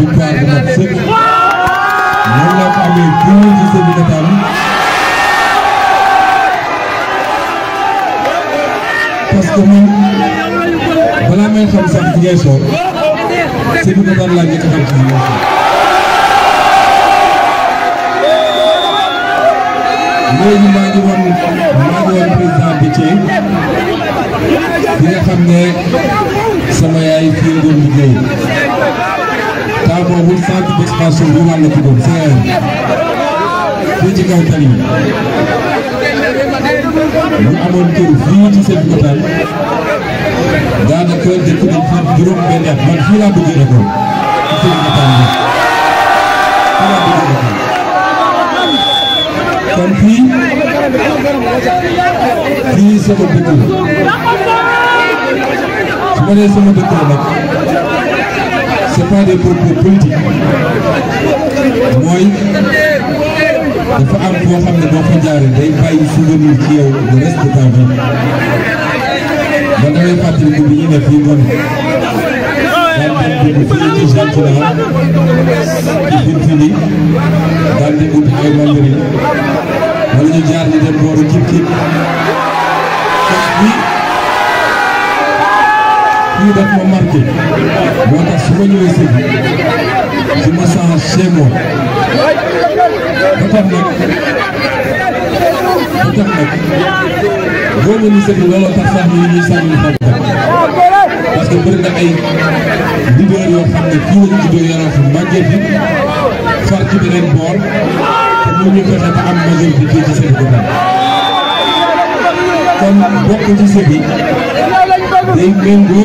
victoire bu mat sëkk noonu laa ko amee gënal ci seen nataal parce que balaa may xam sax fi ngay soor seen nataal laa njëkk a ci fi ngay xam ne sama yaay fii la doon liggéey boobu centre d'expansion rurale la tuddoon CR fii ci kaw tali bi ñu amoon kër fii ci seen kotaan daanaka dëkk nañ fi juróom benn at man fii laa bëggee nekkoon ci seen kotaan bi fii laa bëggee nekkoon kon fii fii sama dëkk la su ma nee sama dëkk la nag c'est pas des propos politiques mooy dafa am boo xam boo ko jaaree day bàyyi souvenir ci yow le reste de ta vie man damay fàttali ne fii ngoon daal di dugg fii ci gentilaa di jaar di dem booru kip kip bi fii daf ma marqué. moo tax su ma ñëwee sëñ bi su ma saa chez moi ba tax nag ba tax nag boo ma ñu sëñ looloo tax sax ñu ñuy sànni xam parce que bëri na ay leader yoo xam ne fii la ñu juddoo yoroo fi màggee fi far ci beneen boor te ñun ñu fexe ba am majorité fii ci seen gouvernement kon bokk ci sëñ bi day méngoo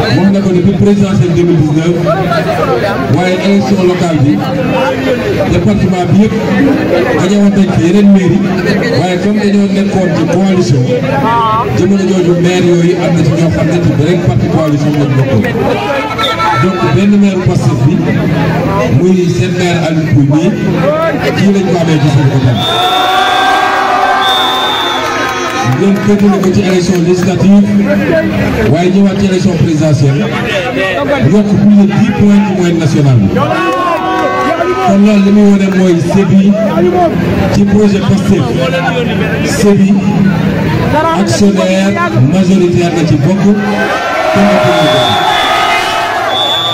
wax na ko depuis présidentielle 2019 waaye élection locale bi département bi yëpp dañoo teg ci yeneen mairie waaye comme dañoo nekkoon ci coalition jamono jooju maire yooyu am na ci ñoo xam ne ci beneen parti coalition lañ bokkoon donc benn maire Pastef bi muy seen maire Aliou Pouy nii kii lañ ko ci seen côté. dem déggoo ko ci élection législative waaye ñëwaat ci élection présidentielle yokk plus de dix points ci moyenne nationale bi. kon loolu li muy wane mooy sébi ci projet Pastef sébi actionnaire majoritaire la ci bokk.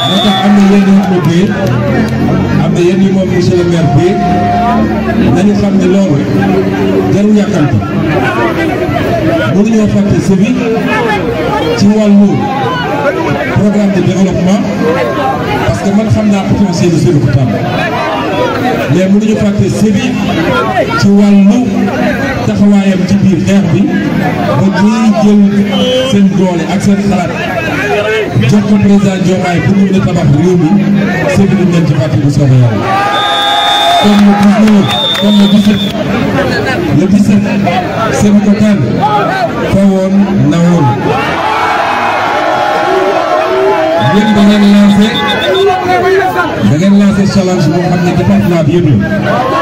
moo tax am na yenn yu ko biir am na yenn yu moom monsieur le maire nañu xam ne loolu jarul yàkkamti mënuñoo fàtte sebi ci wàllu programme de développement parce que man xam naa potentiel bi suñu ko tàmm mais mënuñu fàtte sebi ci wàllu taxawaayam ci biir xeex bi ba ñuy jël seen doole ak seen xalaat. jox ko président Diomaye pour ñu mën a tabax réew mi sëñ bi leen ci parti bu soobee yàlla. comme le 19 comme le 17 le 17 sëñ bi daal fawoon na woon. yéen da ngeen lancé da ngeen lancé challenge xam ne département bi yëpp la.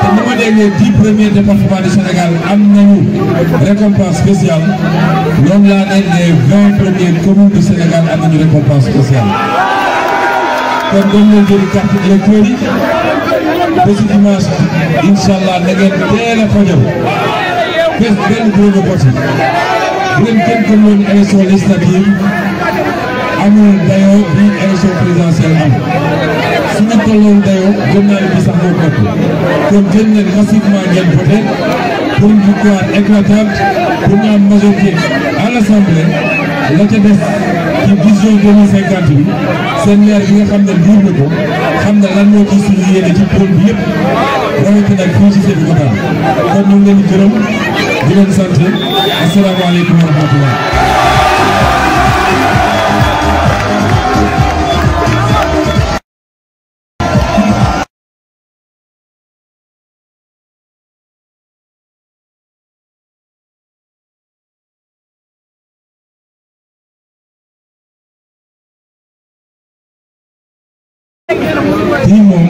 Nous avons les 10 premiers départements du Sénégal, amenons une récompense spéciale. Nous avons les 20 premiers communes du Sénégal, amenons une récompense spéciale. Comme nous avons les carte électronique, petit dimanche, Inch'Allah, nous avons des téléphones. Nous avons des problèmes de poste. Nous avons les élections législatives, nous avons sont élections présidentielles. suñu tolloon dayoo gëm naa ne bi sax moo ëpp kon jël leen massivement ngeen voté pour une victoire éclatante pour ñu am majorité à l'Assemblée la ca des ci vision 2050 bi seen maire bi nga xam ne duur na ko xam ne lan moo ci suñu yéene ci pôle bi yëpp rawatina ak fii ci Sébikotane kon ñu ngi leen di gërëm di leen sant asalaamaaleykum wa rahmatullah kii moom